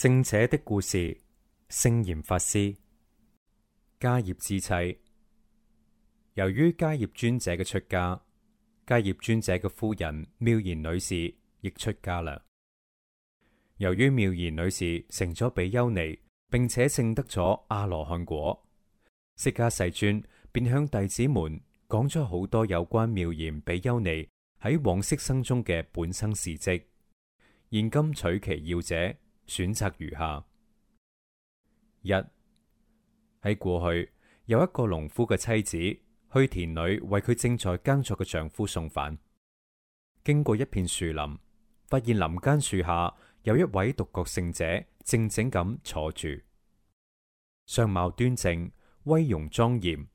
聖者的故事，聖嚴法師迦葉之妻，由於迦葉尊者嘅出家，迦葉尊者嘅夫人妙賢女士亦出家啦。由於妙賢女士成咗比丘尼，並且證得咗阿羅漢果，釋迦世尊便向弟子們講咗好多有關妙賢比丘尼喺往昔生中嘅本生事跡。現今取其要者。選擇如下：一喺過去，有一個農夫嘅妻子去田裏為佢正在耕作嘅丈夫送飯，經過一片樹林，發現林間樹下有一位獨覺聖者靜靜咁坐住，相貌端正，威容莊嚴，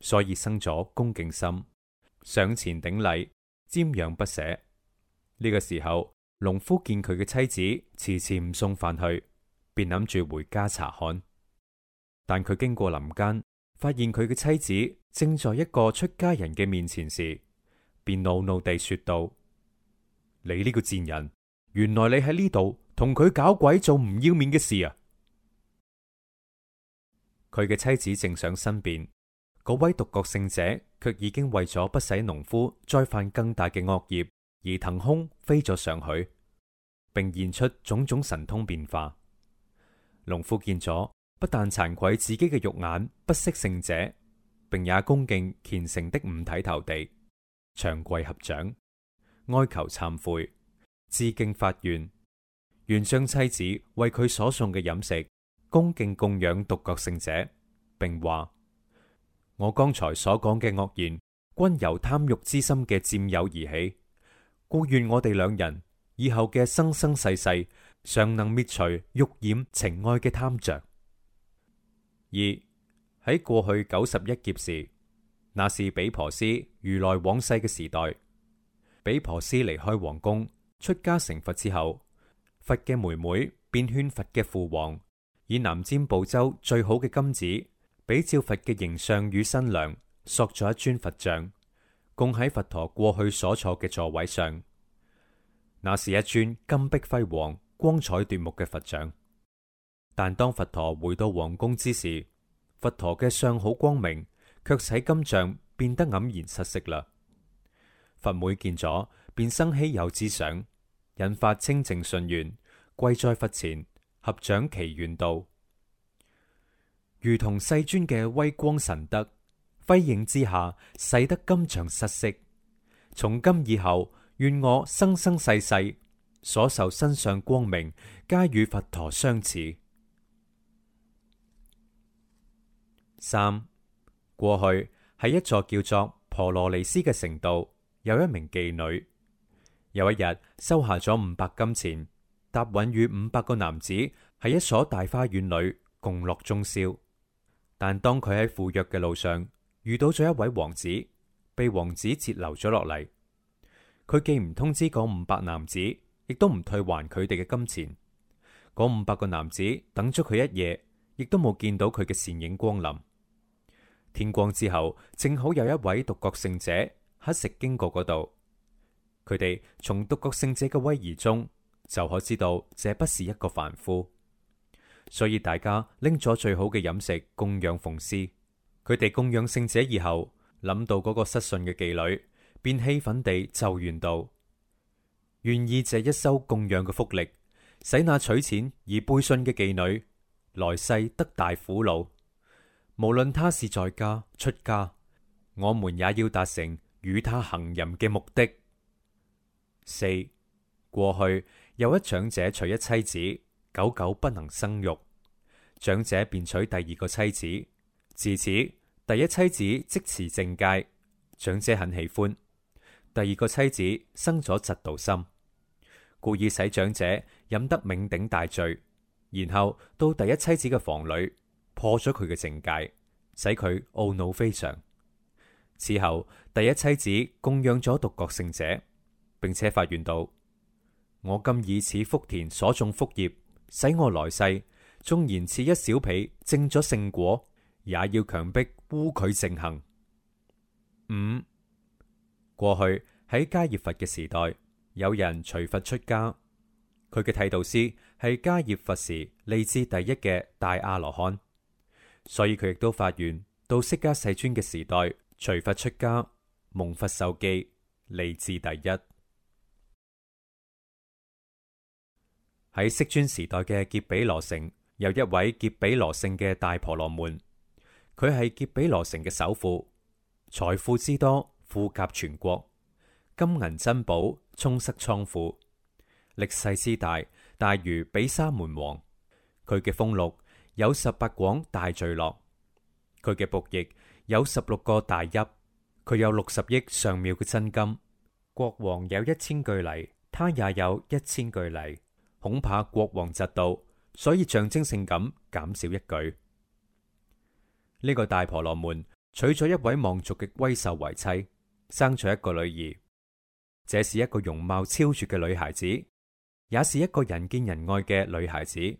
所以生咗恭敬心，上前頂禮，瞻仰不捨。呢個時候，農夫見佢嘅妻子。遲遲唔送飯去，便諗住回家查看。但佢經過林間，發現佢嘅妻子正在一個出家人嘅面前時，便惱怒地說道：你呢個賤人，原來你喺呢度同佢搞鬼做唔要面嘅事啊！佢嘅妻子正想申辯，嗰位獨覺聖者卻已經為咗不使農夫再犯更大嘅惡業，而騰空飛咗上去。並現出種種神通變化。農夫見咗，不但慚愧自己嘅肉眼不識聖者，並也恭敬虔誠的五體投地，長跪合掌，哀求懺悔，致敬法院，願將妻子為佢所送嘅飲食恭敬供養獨覺聖者，並話：我剛才所講嘅惡言，均由貪慾之心嘅佔有而起，故願我哋兩人，以後嘅生生世世，尚能滅除欲染情愛嘅貪着。二喺過去九十一劫時，那是比婆斯如來往世嘅時代。比婆斯離開皇宮出家成佛之後，佛嘅妹妹便勸佛嘅父王，以南瞻部洲最好嘅金子，比照佛嘅形象與新娘塑咗一尊佛像，供喺佛陀過去所坐嘅座位上。那是一尊金碧輝煌、光彩奪目嘅佛像，但當佛陀回到皇宮之時，佛陀嘅相好光明卻使金像變得黯然失色啦。佛妹見咗，便生起稀有之想，引發清淨信願，跪在佛前合掌祈願道：「如同世尊嘅威光神德輝映之下，使得金像失色。」從今以後，願我生生世世所受身上光明，皆與佛陀相似。三，過去喺一座叫做婆羅尼斯嘅城度，有一名妓女，有一日收下咗五百金錢，答允與五百個男子喺一所大花園裏共樂中宵。但當佢喺赴約嘅路上，遇到咗一位王子，被王子截留咗落嚟。佢既唔通知嗰五百男子，亦都唔退還佢哋嘅金錢。嗰五百個男子等咗佢一夜，亦都冇見到佢嘅善影光臨。天光之後，正好有一位獨角聖者乞食經過嗰度。佢哋從獨角聖者嘅威儀中就可知道，這不是一個凡夫。所以大家拎咗最好嘅飲食供養奉施。佢哋供養聖者以後，諗到嗰個失信嘅妓女。便氣憤地就願道：願意借一收供養嘅福利，使那取錢以背信嘅妓女來世得大苦惱。無論他是在家出家，我們也要達成與他行淫嘅目的。四、過去有一長者娶一妻子，久久不能生育，長者便娶第二個妻子，自此第一妻子即持正戒，長者很喜歡。第二個妻子生咗嫉妒心，故意使長者飲得酩酊大醉，然後到第一妻子嘅房裏破咗佢嘅淨戒，使佢懊惱非常。此後，第一妻子供養咗獨覺聖者，並且發願道：我今以此福田所種福業，使我來世縱然似一小婢證咗聖果，也要強迫污佢聖行。五、嗯。過去喺迦葉佛嘅時代，有人隨佛出家，佢嘅剃度師係迦葉佛時利智第一嘅大阿羅漢，所以佢亦都發願到釋迦世尊嘅時代，隨佛出家、蒙佛授記，利智第一。喺釋尊時代嘅劫比羅城，有一位劫比羅城嘅大婆羅門，佢係劫比羅城嘅首富，財富之多。富甲全國，金銀珍寶充塞倉庫，力勢之大，大如比沙門王。佢嘅封祿有十八廣大聚落，佢嘅僕役有十六個大邑，佢有六十億上妙嘅真金。國王有一千具禮，他也有一千具禮，恐怕國王嫉妒，所以象徵性咁減少一句。呢、這個大婆羅門娶咗一位望族嘅閨秀為妻。生咗一個女兒，這是一個容貌超絕嘅女孩子，也是一個人見人愛嘅女孩子。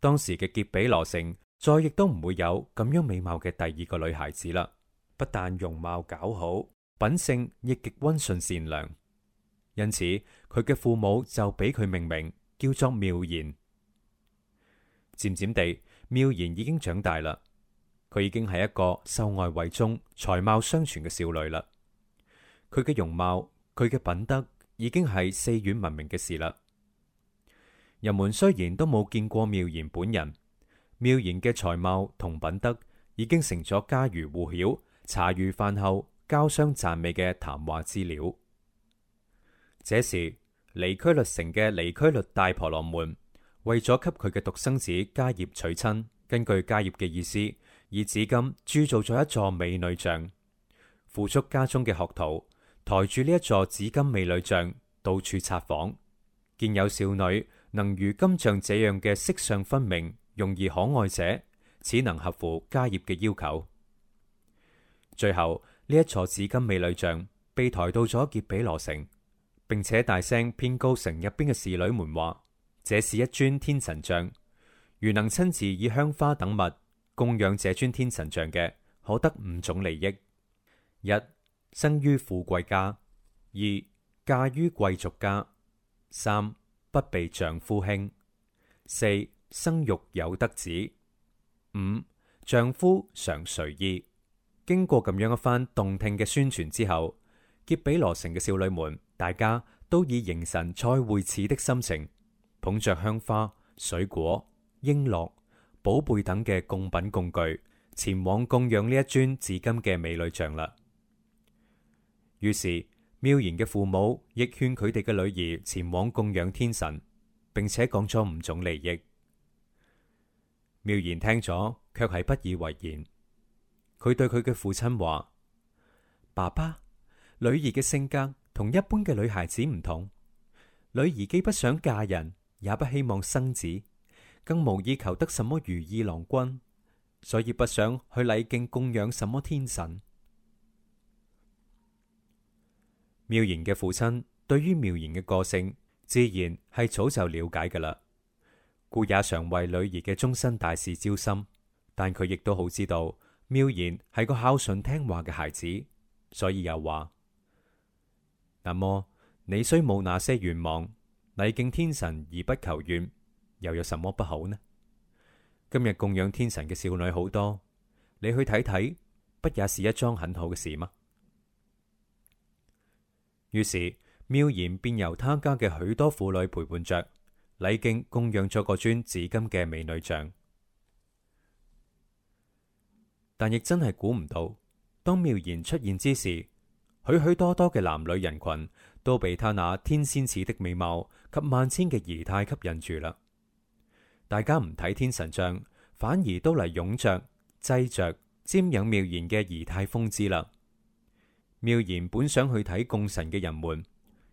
當時嘅傑比羅城再亦都唔會有咁樣美貌嘅第二個女孩子啦。不但容貌搞好，品性亦極溫順善良，因此佢嘅父母就俾佢命名叫做妙賢。漸漸地，妙賢已經長大啦。佢已經係一個秀外慧中，才貌雙全嘅少女啦。佢嘅容貌，佢嘅品德已經係四遠聞名嘅事啦。人們雖然都冇見過妙賢本人，妙賢嘅才貌同品德已經成咗家喻戶曉、茶餘飯後交相讚美嘅談話資料。這時離區律城嘅離區律大婆羅門為咗給佢嘅獨生子迦葉娶親，根據迦葉嘅意思。以紫金鑄造咗一座美女像，付出家中嘅學徒，抬住呢一座紫金美女像到處察訪，見有少女能如金像這樣嘅色相分明、容易可愛者，始能合乎家業嘅要求。最後呢一座紫金美女像被抬到咗傑比羅城，並且大聲遍告城入邊嘅侍女們話：這是一尊天神像，如能親自以香花等物。供養這尊天神像嘅，可得五種利益：一、生於富貴家；二、嫁於貴族家；三、不被丈夫輕；四、生育有德子；五、丈夫常隨意。經過咁樣一番動聽嘅宣傳之後，迦毘羅城嘅少女們，大家都以迎神賽會似的心情，捧着香花、水果、瓔珞。寶貝等嘅供品、供具，前往供養呢一尊紫金嘅美女像啦。於是妙賢嘅父母亦勸佢哋嘅女兒前往供養天神，並且講咗五種利益。妙賢聽咗，卻係不以為然。佢對佢嘅父親話：「爸爸，女兒嘅性格同一般嘅女孩子唔同，女兒既不想嫁人，也不希望生子。更無意求得什麼如意郎君，所以不想去禮敬供養什麼天神。妙賢嘅父親對於妙賢嘅個性，自然係早就了解㗎喇，故也常為女兒嘅終身大事焦心。但佢亦都好知道妙賢係個孝順聽話嘅孩子，所以又話：那麼你雖冇那些願望，禮敬天神而不求願。又有什麼不好呢？今日供養天神嘅少女好多，你去睇睇，不也是一樁很好嘅事嗎？於是妙賢便由他家嘅許多婦女陪伴着，禮敬供養咗個尊紫金嘅美女像。但亦真係估唔到，當妙賢出現之時，許許多多嘅男女人群都被他那天仙似的美貌及萬千嘅儀態吸引住啦。大家唔睇天神像，反而都嚟擁着、擠着、瞻仰妙賢嘅儀態風姿啦。妙賢本想去睇供神嘅人們，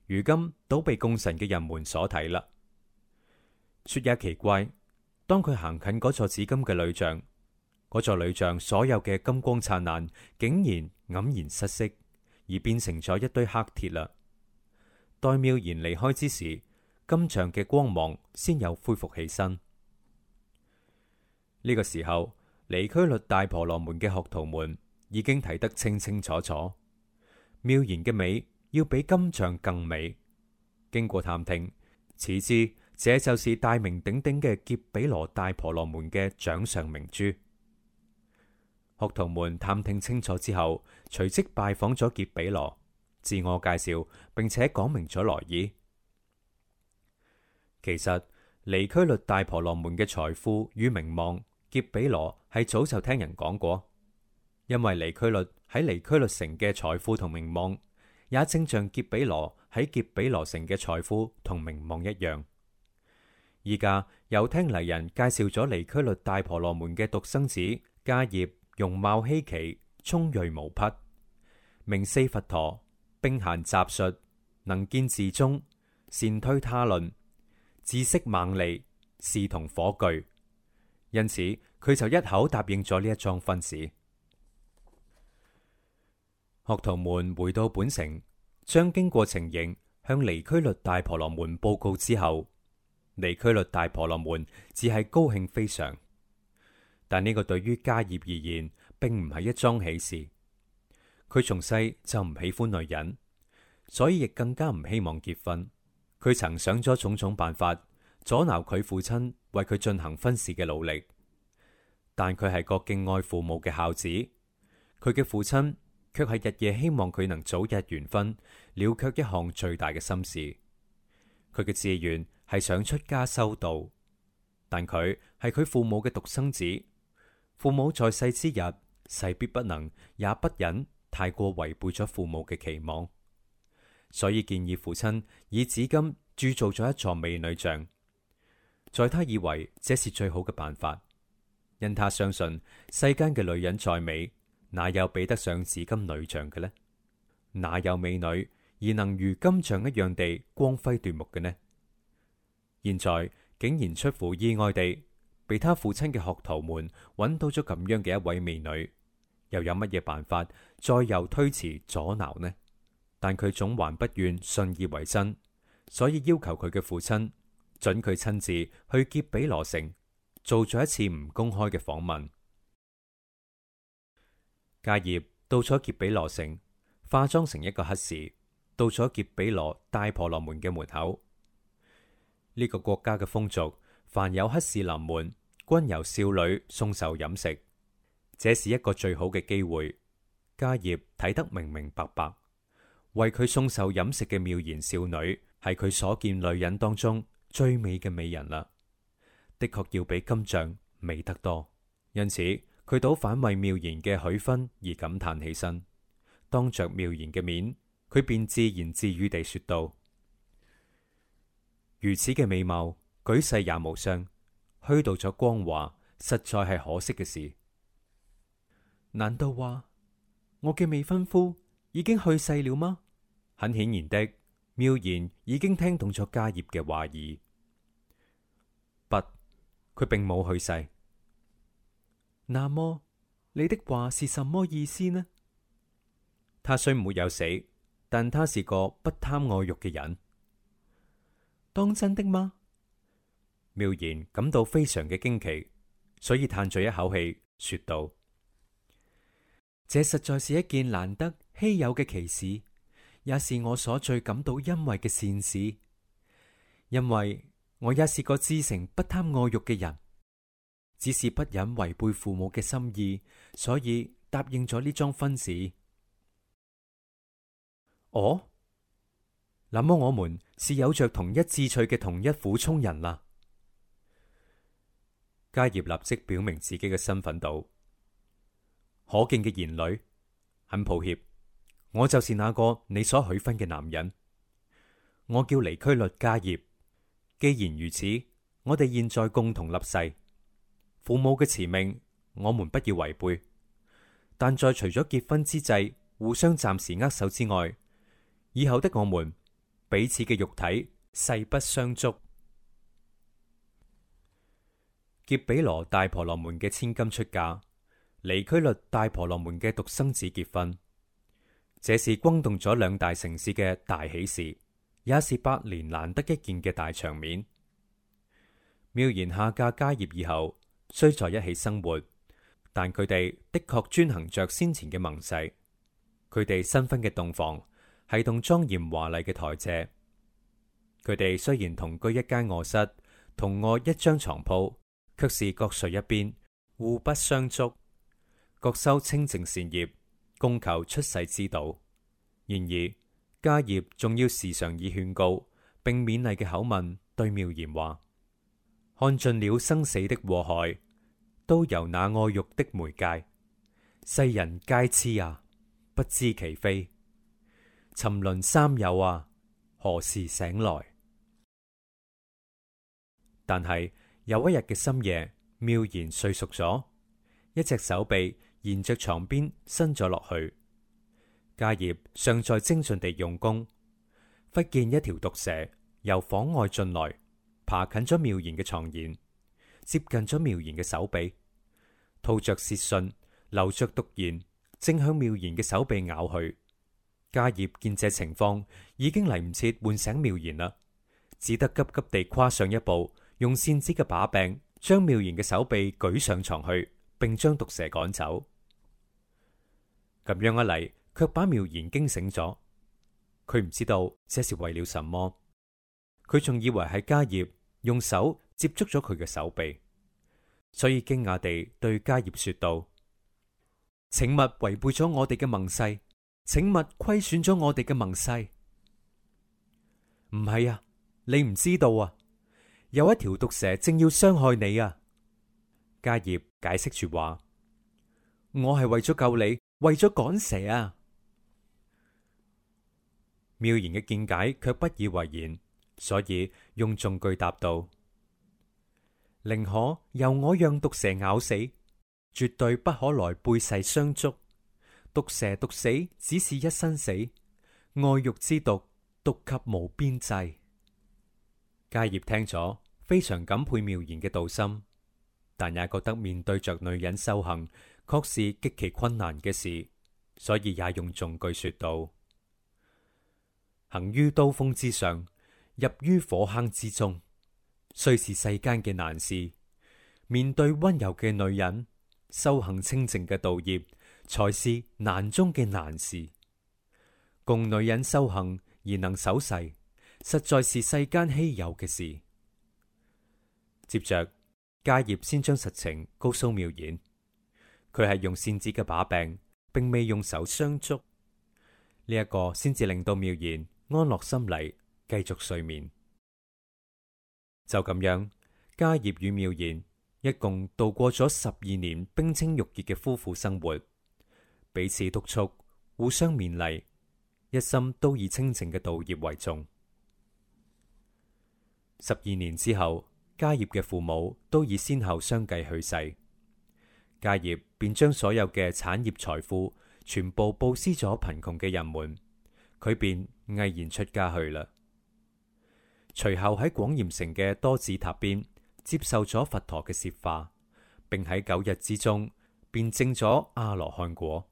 如今都被供神嘅人們所睇啦。說也奇怪，當佢行近嗰座紫金嘅女像，嗰座女像所有嘅金光燦爛，竟然黯然失色，而變成咗一堆黑鐵啦。待妙賢離開之時，金像嘅光芒先又恢復起身。呢個時候，尼區律大婆羅門嘅學徒們已經睇得清清楚楚，妙言嘅美要比金像更美。經過探聽，始知這就是大名鼎鼎嘅傑比羅大婆羅門嘅掌上明珠。學徒們探聽清楚之後，隨即拜訪咗傑比羅，自我介紹，並且講明咗來意。其實，尼區律大婆羅門嘅財富與名望。劫比羅係早就聽人講過，因為尼拘律喺尼拘律城嘅財富同名望，也正像劫比羅喺劫比羅城嘅財富同名望一樣。而家又聽嚟人介紹咗尼拘律大婆羅門嘅獨生子，家業容貌稀奇，聰睿無匹，明四佛陀，並嫻雜術，能見自宗，善推他論，知識猛利，視同火炬。因此，佢就一口答應咗呢一樁婚事。學徒們回到本城，將經過情形向離區律大婆羅門報告之後，離區律大婆羅門只係高興非常。但呢個對於迦葉而言，並唔係一樁喜事。佢從細就唔喜歡女人，所以亦更加唔希望結婚。佢曾想咗種種辦法阻撓佢父親。為佢進行婚事嘅努力，但佢係個敬愛父母嘅孝子。佢嘅父親卻係日夜希望佢能早日完婚，了卻一項最大嘅心事。佢嘅志願係想出家修道，但佢係佢父母嘅獨生子，父母在世之日，勢必不能也不忍太過違背咗父母嘅期望，所以建議父親以紫金鑄造咗一座美女像。在他以為這是最好嘅辦法，因他相信世間嘅女人再美，哪有比得上紫金女像嘅呢？哪有美女而能如金像一樣地光輝奪目嘅呢？現在竟然出乎意外地，被他父親嘅學徒們揾到咗咁樣嘅一位美女，又有乜嘢辦法再又推辭阻撓呢？但佢總還不願信以為真，所以要求佢嘅父親。准佢親自去劫比羅城，做咗一次唔公開嘅訪問。迦葉到咗劫比羅城，化妝成一個乞士，到咗劫比羅大婆羅門嘅門口。呢、這個國家嘅風俗，凡有乞士臨門，均由少女送受飲食。這是一個最好嘅機會。迦葉睇得明明白白，為佢送受飲食嘅妙言少女，係佢所見女人當中，最美嘅美人啦，的確要比金像美得多，因此佢倒反為妙賢嘅許婚而感嘆起身。當着妙賢嘅面，佢便自言自語地說道：如此嘅美貌，舉世也無雙，虛度咗光華，實在係可惜嘅事。難道話我嘅未婚夫已經去世了嗎？很顯然的，妙賢已經聽懂咗迦葉嘅話意。佢並冇去世，那麼你的話是什麼意思呢？他雖沒有死，但他是個不貪愛欲嘅人。當真的嗎？妙言感到非常嘅驚奇，所以嘆咗一口氣，說道：這實在是一件難得稀有嘅奇事，也是我所最感到欣慰嘅善事，因為，我也是個知誠不貪愛欲嘅人，只是不忍違背父母嘅心意，所以答應咗呢樁婚事。哦，那麼我們是有着同一志趣嘅同一苦衷人啦。迦葉立即表明自己嘅身份，道，可敬嘅賢女，很抱歉，我就是那個你所許婚嘅男人，我叫尼拘律迦葉。既然如此，我哋現在共同立誓，父母嘅慈命，我們不要違背。但在除咗結婚之際，互相暫時握手之外，以後的我們彼此嘅肉體誓不相觸。劫比羅大婆羅門嘅千金出嫁，尼拘律大婆羅門嘅獨生子結婚，這是轟動咗兩大城市嘅大喜事。也是百年難得一見嘅大場面。妙賢下嫁迦葉以後，雖在一起生活，但佢哋的確遵行着先前嘅盟誓。佢哋新婚嘅洞房係棟莊嚴華麗嘅台榭。佢哋雖然同居一間臥室，同臥一張床鋪，却是各睡一邊，互不相觸。各修清淨善業，共求出世之道。然而。迦葉仲要時常以勸告並勉勵嘅口吻對妙言話：看盡了生死的禍害，都由那愛欲的媒介，世人皆痴啊，不知其非。沉淪三有啊，何時醒來？但係有一日嘅深夜，妙言睡熟咗，一隻手臂沿着床邊伸咗落去。迦葉尚在精進地用功，忽見一條毒蛇由房外進來，爬近咗妙賢嘅床沿，接近咗妙賢嘅手臂，吐着舌信，流着毒涎，正向妙賢嘅手臂咬去。迦葉見這情況已經嚟唔切喚醒妙賢啦，只得急急地跨上一步，用扇子嘅把柄將妙賢嘅手臂舉上床去，並將毒蛇趕走。咁樣一嚟，卻把妙言驚醒咗，佢唔知道這是為了什麼，佢仲以為係迦葉用手接觸咗佢嘅手臂，所以驚訝地對迦葉說道：請勿違背咗我哋嘅盟誓，請勿虧損咗我哋嘅盟誓。唔係啊，你唔知道啊，有一條毒蛇正要傷害你啊！迦葉解釋說話：我係為咗救你，為咗趕蛇啊！妙言嘅見解卻不以為然，所以用重句答道：寧可由我讓毒蛇咬死，絕對不可來背世相觸。毒蛇毒死只是一生死，愛欲之毒毒及無邊際。迦葉聽咗非常感佩妙言嘅道心，但也覺得面對着女人修行，確是極其困難嘅事，所以也用重句說道。行於刀鋒之上，入於火坑之中，雖是世間嘅難事；面對溫柔嘅女人，修行清淨嘅道業，才是難中嘅難事。共女人修行而能守誓，實在是世間稀有嘅事。接着，迦葉先將實情告訴妙賢，佢係用扇子嘅把柄，並未用手相觸。呢、這、一個先至令到妙賢。安落心嚟，繼續睡眠。就咁樣，迦葉與妙賢一共度過咗十二年冰清玉潔嘅夫婦生活，彼此督促，互相勉勵，一心都以清淨嘅道業為重。十二年之後，迦葉嘅父母都已先後相繼去世，迦葉便將所有嘅產業財富全部布施咗貧窮嘅人們，佢便。毅然出家去啦。隨後喺廣嚴城嘅多子塔邊接受咗佛陀嘅攝化，並喺九日之中，便證咗阿羅漢果。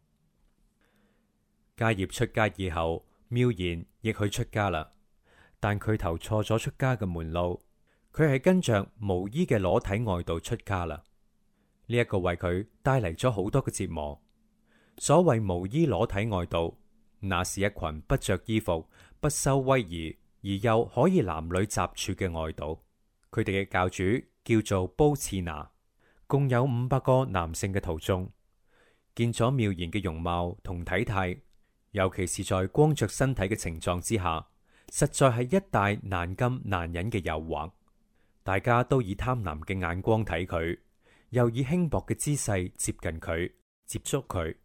迦葉出家以後，妙賢亦去出家啦。但佢投錯咗出家嘅門路，佢係跟着無衣嘅裸體外道出家啦。呢、這、一個為佢帶嚟咗好多嘅折磨。所謂無衣裸體外道。那是一群不着衣服、不修威儀，而又可以男女雜處嘅外道。佢哋嘅教主叫做波次拿，共有五百個男性嘅徒眾，見咗妙言嘅容貌同體態，尤其是在光着身體嘅情況之下，實在係一大難禁難忍嘅誘惑。大家都以貪婪嘅眼光睇佢，又以輕薄嘅姿勢接近佢，接觸佢。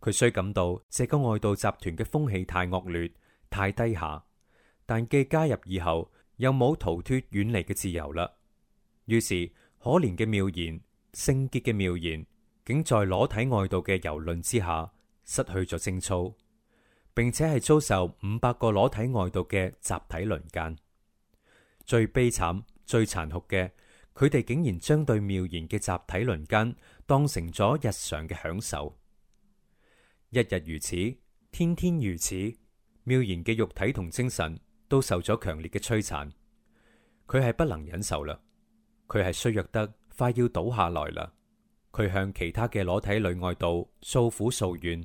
佢雖感到這個外道集團嘅風氣太惡劣、太低下，但既加入以後又冇逃脫遠離嘅自由啦。於是可憐嘅妙言，聖潔嘅妙言，竟在裸體外道嘅游論之下失去咗貞操，並且係遭受五百個裸體外道嘅集體輪姦。最悲慘、最殘酷嘅，佢哋竟然將對妙言嘅集體輪姦當成咗日常嘅享受。一日如此，天天如此，妙賢嘅肉體同精神都受咗強烈嘅摧殘。佢係不能忍受啦，佢係衰弱得快要倒下來啦。佢向其他嘅裸體女外道訴苦訴怨，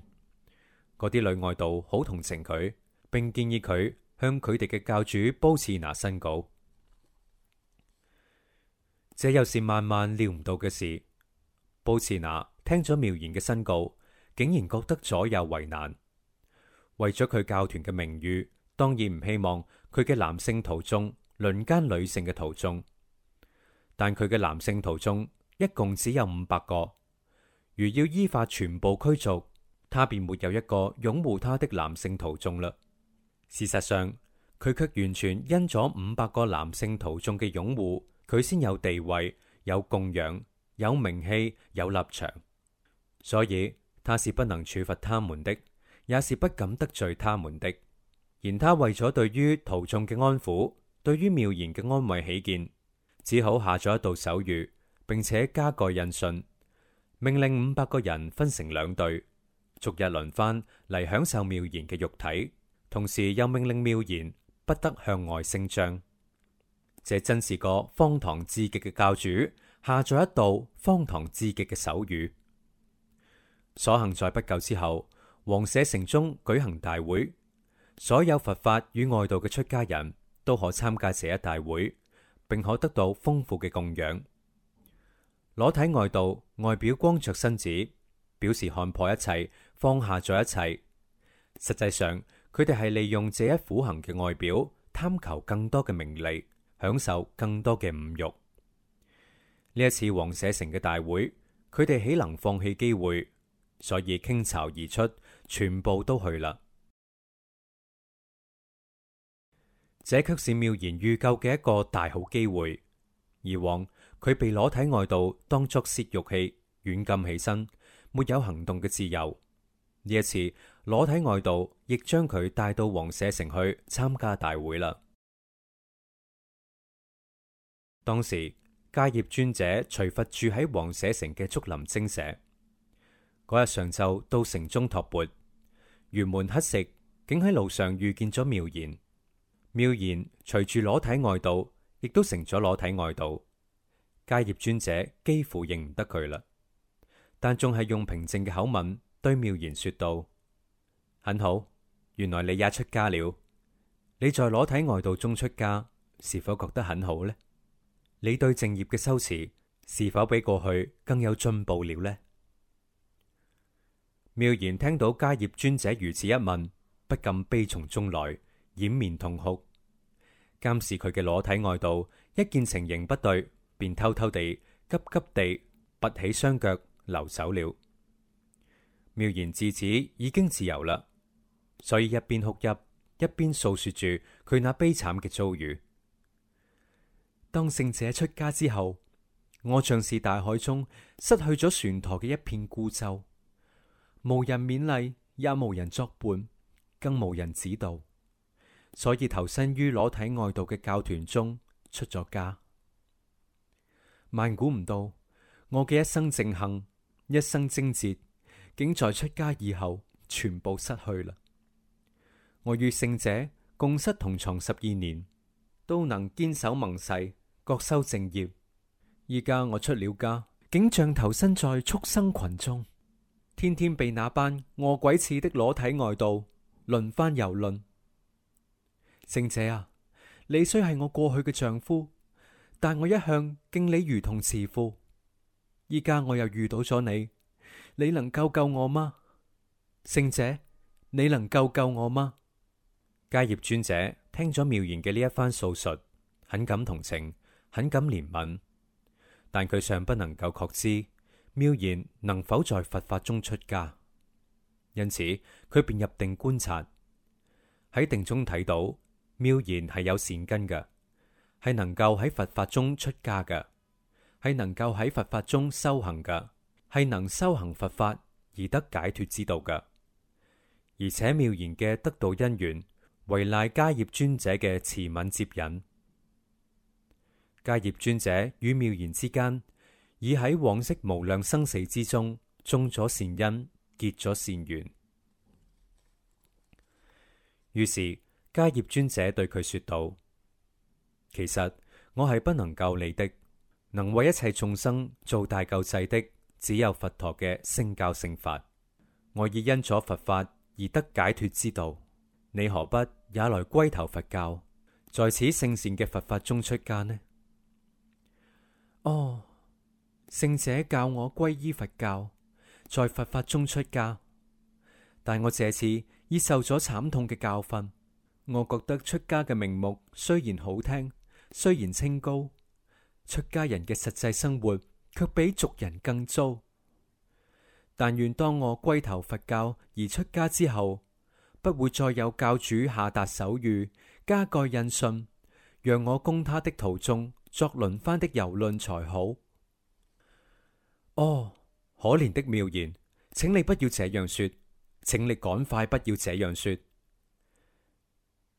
嗰啲女外道好同情佢，並建議佢向佢哋嘅教主褒茨拿申告。這又是萬萬料唔到嘅事。褒茨拿聽咗妙賢嘅申告。竟然覺得左右為難，為咗佢教團嘅名譽，當然唔希望佢嘅男性徒眾輪姦女性嘅徒眾。但佢嘅男性徒眾一共只有五百個，如要依法全部驅逐，他便沒有一個擁護他的男性徒眾嘞。事實上，佢卻完全因咗五百個男性徒眾嘅擁護，佢先有地位、有供養、有名氣、有立場，所以，他是不能處罰他們的，也是不敢得罪他們的。然他為咗對於徒眾嘅安撫，對於妙賢嘅安慰起見，只好下咗一道手諭，並且加蓋印信，命令五百個人分成兩隊，逐日輪番嚟享受妙賢嘅肉體，同時又命令妙賢不得向外聲張。這真是個荒唐至極嘅教主，下咗一道荒唐至極嘅手諭。所幸在不久之後，王舍城中舉行大會，所有佛法與外道嘅出家人都可參加這一大會，並可得到豐富嘅供養。裸體外道外表光着身子，表示看破一切，放下咗一切。實際上，佢哋係利用這一苦行嘅外表，貪求更多嘅名利，享受更多嘅五欲。呢一次，王舍城嘅大會，佢哋豈能放棄機會？所以傾巢而出，全部都去啦。這卻是妙賢預救嘅一個大好機會。以往佢被裸體外道當作泄欲器軟禁起身，沒有行動嘅自由。呢一次，裸體外道亦將佢帶到王舍城去參加大會啦。當時迦葉尊者隨佛住喺王舍城嘅竹林精舍。嗰日上晝到城中托缽，沿門乞食，竟喺路上遇見咗妙賢。妙賢隨住裸體外道，亦都成咗裸體外道。迦葉尊者幾乎認唔得佢啦，但仲係用平靜嘅口吻對妙賢說道，很好，原來你也出家了。你在裸體外道中出家，是否覺得很好呢？你對正業嘅修持是否比過去更有進步了呢？妙賢聽到迦葉尊者如此一問，不禁悲從中來，掩面痛哭。監視佢嘅裸體外道，一見情形不對，便偷偷地、急急地拔起雙腳溜走了。妙賢自此已經自由啦，所以一邊哭泣，一邊訴說住佢那悲慘嘅遭遇。當聖者出家之後，我像是大海中失去咗船舵嘅一片孤舟。無人勉勵，也無人作伴，更無人指導，所以投身於裸體外道嘅教團中出咗家。萬估唔到，我嘅一生淨行，一生貞節，竟在出家以後全部失去啦！我與聖者共室同床十二年，都能堅守盟誓，各修淨業。依家我出了家，竟像投身在畜生群中。天天被那班餓鬼似的裸體外道輪番遊輪，聖者啊，你雖係我過去嘅丈夫，但我一向敬你如同慈父。依家我又遇到咗你，你能救救我嗎？聖者，你能救救我嗎？迦葉尊者聽咗妙賢嘅呢一番訴述，很感同情，很感憐憫，但佢尚不能夠確知。妙賢能否在佛法中出家？因此，佢便入定觀察，喺定中睇到妙賢係有善根嘅，係能夠喺佛法中出家嘅，係能夠喺佛法中修行嘅，係能修行佛法而得解脱之道嘅。而且妙賢嘅得度因緣，為賴迦葉尊者嘅慈憫接引，迦葉尊者與妙賢之間。已喺往昔無量生死之中，種咗善因，結咗善緣，於是迦葉尊者對佢說道：其實我係不能救你的，能為一切眾生做大救濟的，只有佛陀嘅聖教聖法。我已因咗佛法而得解脱之道，你何不也來歸投佛教，在此聖善嘅佛法中出家呢？哦。聖者教我皈依佛教，在佛法中出家，但我這次已受咗慘痛嘅教訓。我覺得出家嘅名目雖然好聽，雖然清高，出家人嘅實際生活却比俗人更糟。但願當我歸投佛教而出家之後，不會再有教主下達手諭，加蓋印信，讓我供他的途中作輪番的遊論才好。哦，oh, 可憐的妙賢，請你不要這樣說，請你趕快不要這樣說。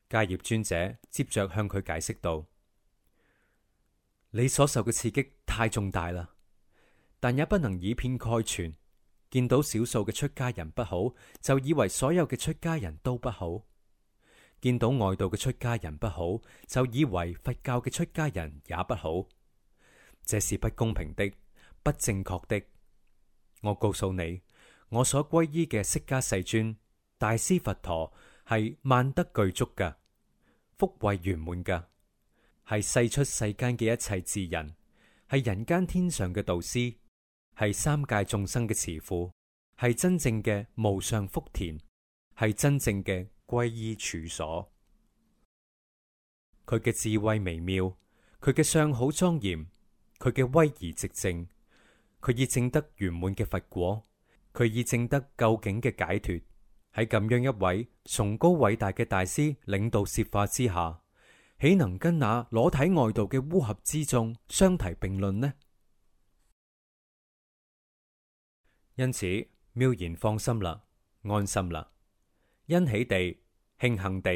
迦葉尊者接着向佢解釋道：你所受嘅刺激太重大啦，但也不能以偏概全。見到少數嘅出家人不好，就以為所有嘅出家人都不好；見到外道嘅出家人不好，就以為佛教嘅出家人也不好，這是不公平的。不正確的，我告訴你，我所歸依嘅釋迦世尊大師佛陀係萬德具足嘅，福慧圓滿嘅，係世出世間嘅一切智人，係人間天上嘅導師，係三界眾生嘅慈父，係真正嘅無上福田，係真正嘅歸依處所。佢嘅智慧微妙，佢嘅相好莊嚴，佢嘅威儀直正。佢已證得圓滿嘅佛果，佢已證得究竟嘅解脫。喺咁樣一位崇高偉大嘅大師領導說法之下，豈能跟那裸體外道嘅烏合之眾相提並論呢？因此，妙賢放心啦，安心啦，欣喜地、慶幸地，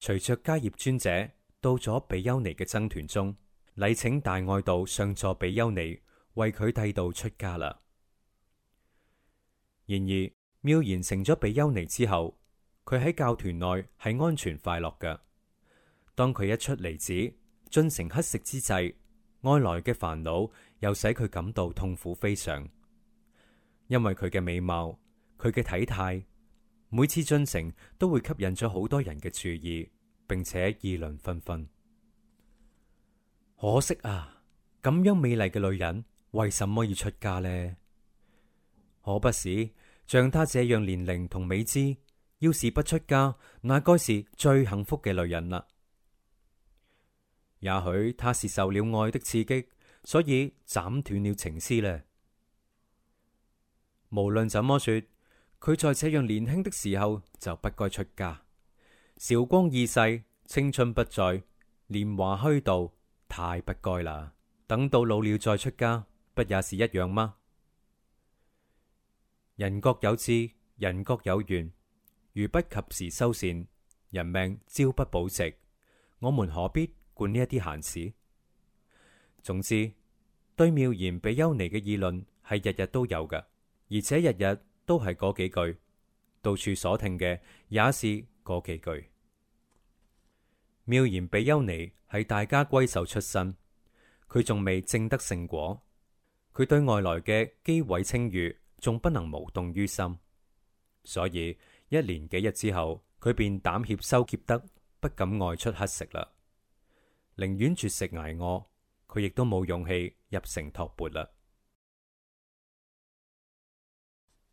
隨着迦葉尊者到咗比丘尼嘅僧團中，禮請大愛道上座比丘尼。為佢剃度出家啦。然而，妙賢成咗比丘尼之後，佢喺教團內係安全快樂嘅。當佢一出離子進城乞食之際，外來嘅煩惱又使佢感到痛苦非常。因為佢嘅美貌，佢嘅體態，每次進城都會吸引咗好多人嘅注意，並且議論紛紛。可惜啊，咁樣美麗嘅女人。為什麼要出家呢？可不是，像她這樣年齡同美姿，要是不出家，那該是最幸福嘅女人啦。也許她是受了愛的刺激，所以斬斷了情絲呢。無論怎麼說，佢在這樣年輕的時候就不該出家。韶光易逝，青春不再，年華虛度，太不該啦。等到老了再出家。不也是一樣嗎？人各有志，人各有緣。如不及時修善，人命朝不保夕，我們何必管呢一啲閒事？總之，對妙賢比丘尼嘅議論係日日都有嘅，而且日日都係嗰幾句，到處所聽嘅也是嗰幾句。妙賢比丘尼係大家閨秀出身，佢仲未證得聖果。佢對外來嘅譏毀清譽仲不能無動於心，所以一年幾日之後，佢便膽怯羞怯得，不敢外出乞食啦。寧願絕食挨餓，佢亦都冇勇氣入城托缽啦。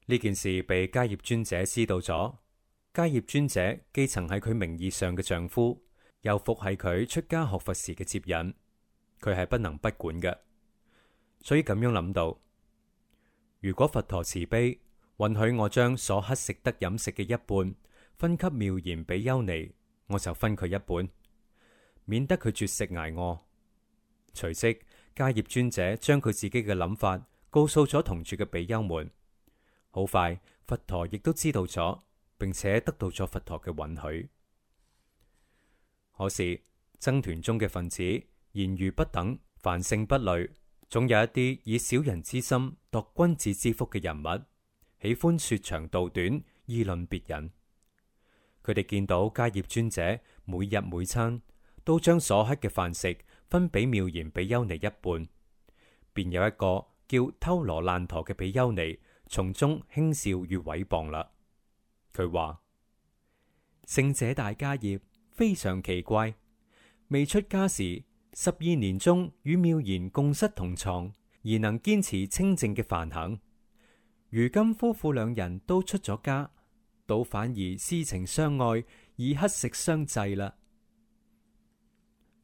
呢件事被迦葉尊者知道咗，迦葉尊者既曾係佢名義上嘅丈夫，又復係佢出家學佛時嘅接引，佢係不能不管嘅。所以咁樣諗到，如果佛陀慈悲，允許我將所乞食得飲食嘅一半分給妙言比丘尼，我就分佢一半，免得佢絕食挨餓。隨即迦葉尊者將佢自己嘅諗法告訴咗同住嘅比丘們。好快，佛陀亦都知道咗，並且得到咗佛陀嘅允許。可是，僧團中嘅分子言語不等，凡性不類。總有一啲以小人之心度君子之腹嘅人物，喜歡說長道短，議論別人。佢哋見到迦葉尊者每日每餐都將所吃嘅飯食分俾妙賢比丘尼一半，便有一個叫偷羅爛陀嘅比丘尼，從中輕笑與誹謗啦。佢話聖者大迦葉非常奇怪，未出家時，十二年中與妙賢共室同床，而能堅持清靜嘅梵行。如今夫婦兩人都出咗家，倒反而私情相愛，以乞食相濟啦。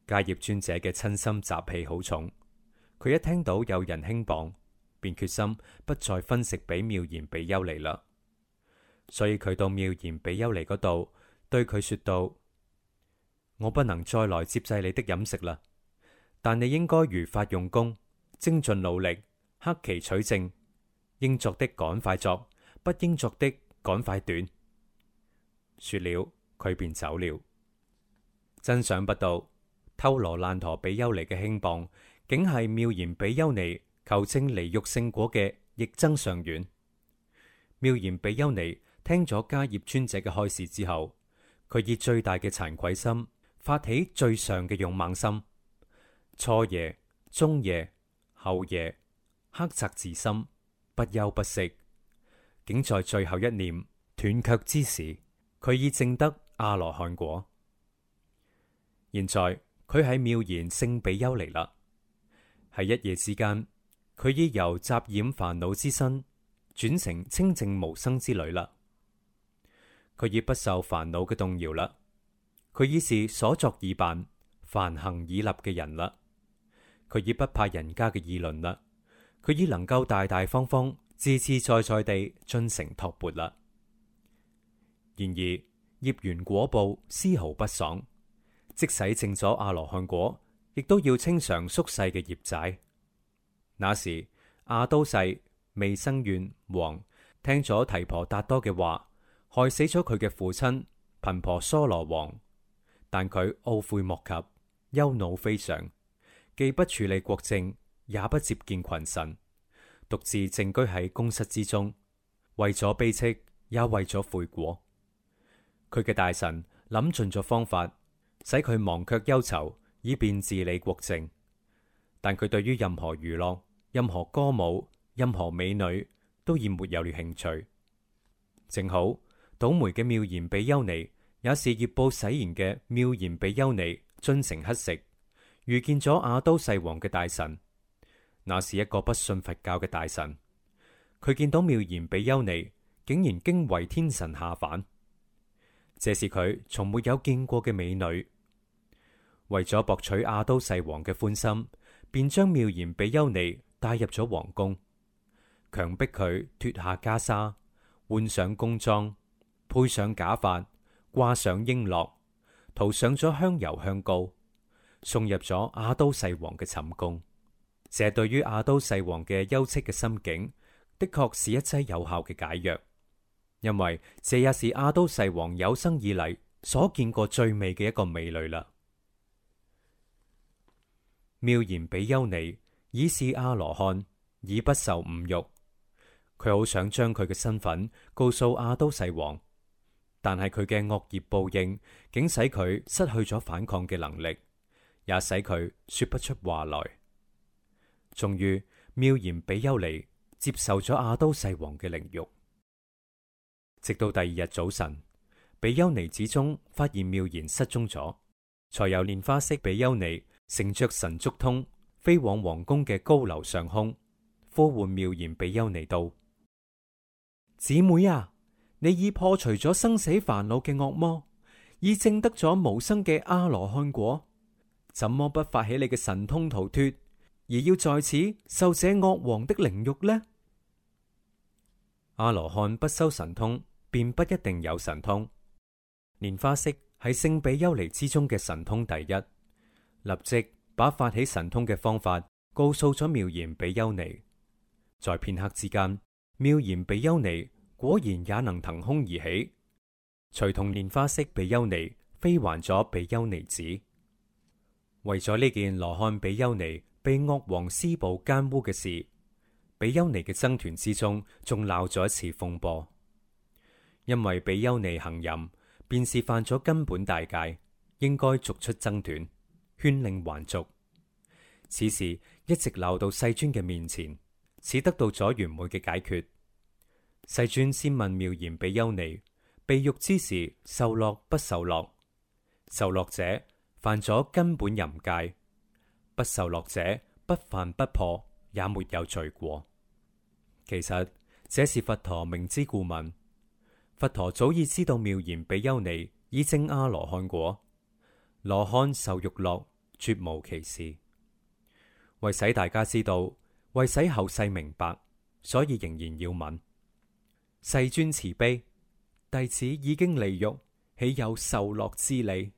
迦葉尊者嘅瞋心習氣好重，佢一聽到有人輕謗，便決心不再分食俾妙賢比丘尼啦。所以佢到妙賢比丘尼嗰度，對佢說道：我不能再來接濟你的飲食啦。但你應該如法用功，精進努力，克期取證，應作的趕快作，不應作的趕快斷。說了，佢便走了。真想不到，偷羅爛陀比丘尼嘅輕謗，竟係妙賢比丘尼求證離欲聖果嘅逆增上緣。妙賢比丘尼聽咗迦葉尊者嘅開示之後，佢以最大嘅慚愧心，發起最上嘅勇猛心。初夜、中夜、後夜，克責自心，不休不息，竟在最後一念斷卻之時，佢已證得阿羅漢果。現在佢喺妙言聖比丘尼嚟啦，喺一夜之間，佢已由雜染煩惱之身轉成清淨無生之女啦。佢已不受煩惱嘅動搖啦，佢已是所作已辦、梵行已立嘅人啦。佢已不怕人家嘅議論啦，佢已能夠大大方方、自自在在地進城托鉢啦。然而業緣果報絲毫不爽，即使證咗阿羅漢果，亦都要清償宿世嘅業債。那時阿都世未生怨王聽咗提婆達多嘅話，害死咗佢嘅父親頻婆娑羅王，但佢懊悔莫及，憂惱非常。既不處理國政，也不接見群臣，獨自靜居喺宮室之中，為咗悲戚，也為咗悔過。佢嘅大臣諗盡咗方法，使佢忘卻憂愁，以便治理國政。但佢對於任何娛樂、任何歌舞、任何美女，都已沒有了興趣。正好倒霉嘅妙賢比丘尼，也是業報使然嘅妙賢比丘尼，進城乞食。遇見咗阿都世王嘅大臣，那是一個不信佛教嘅大臣。佢見到妙言比丘尼，竟然驚為天神下凡，這是佢從沒有見過嘅美女。為咗博取阿都世王嘅歡心，便將妙言比丘尼帶入咗皇宮，強迫佢脱下袈裟，換上宮裝，配上假髮，掛上瓔珞，塗上咗香油香膏。送入咗阿闍世王嘅寢宮，這對於阿闍世王嘅憂戚嘅心境，的確是一劑有效嘅解藥。因為這也是阿闍世王有生以嚟所見過最美嘅一個美女啦。妙言比丘尼已是阿羅漢，已不受五欲。佢好想將佢嘅身份告訴阿闍世王，但係佢嘅惡業報應，竟使佢失去咗反抗嘅能力。也使佢說不出話來。終於妙言比丘尼接受咗阿都世王嘅凌辱，直到第二日早晨，比丘尼之中發現妙言失蹤咗，才由蓮花色比丘尼乘着神足通飛往皇宮嘅高樓上空，呼喚妙言比丘尼道，姊妹啊，你已破除咗生死煩惱嘅惡魔，已證得咗無生嘅阿羅漢果。怎麼不發起你嘅神通逃脫，而要在此受這惡王的凌辱呢？阿羅漢不修神通，便不一定有神通。蓮花色係聖比丘尼之中嘅神通第一，立即把發起神通嘅方法告訴咗妙言比丘尼。在片刻之間，妙言比丘尼果然也能騰空而起，隨同蓮花色比丘尼飛還咗比丘尼子。為咗呢件羅漢比丘尼被惡王施暴奸污嘅事，比丘尼嘅僧團之中仲鬧咗一次風波，因為比丘尼行淫，便是犯咗根本大戒，應該逐出僧團，圈令還俗。此事一直鬧到世尊嘅面前，始得到咗完美嘅解決。世尊先問妙賢比丘尼：「被辱之時受樂不受樂？受樂者？犯咗根本淫戒，不受樂者不犯不破，也沒有罪過。其實這是佛陀明知故問。佛陀早已知道妙言比丘尼已證阿羅漢果，羅漢受欲樂絕無其事。為使大家知道，為使後世明白，所以仍然要問。世尊慈悲，弟子已經離欲，豈有受樂之理？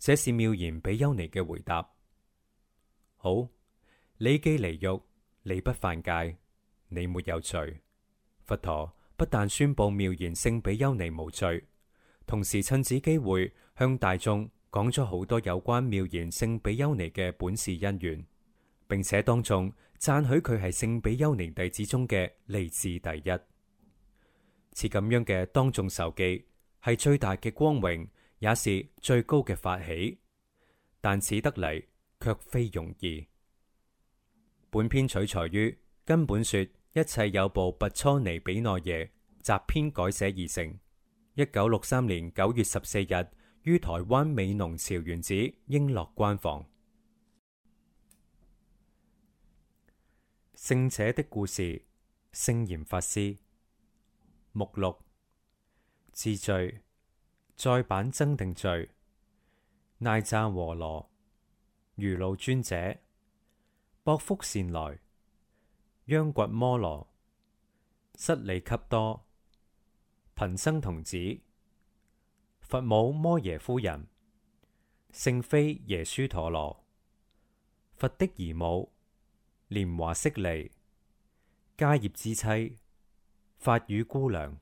這是妙賢比丘尼嘅回答。好，你既離欲，你不犯戒，你沒有罪。佛陀不但宣布妙賢聖比丘尼無罪，同時趁此機會向大眾講咗好多有關妙賢聖比丘尼嘅本事因緣，並且當眾讚許佢係聖比丘尼弟子中嘅利智第一。似咁樣嘅當眾受記，係最大嘅光榮。也是最高嘅法喜，但此得嚟卻非容易。本篇取材於根本説一切有部拔初尼比內耶集篇改寫而成。一九六三年九月十四日於台灣美濃朝元寺英樂關房。聖者的故事，聖嚴法師目錄自序。再版增訂序，賴贊和羅愚路尊者，博福善來，央掘摩羅，失利及多，貧僧童子，佛母摩耶夫人，聖妃耶輸陀羅，佛的姨母，蓮華色利，迦葉之妻，法語姑娘。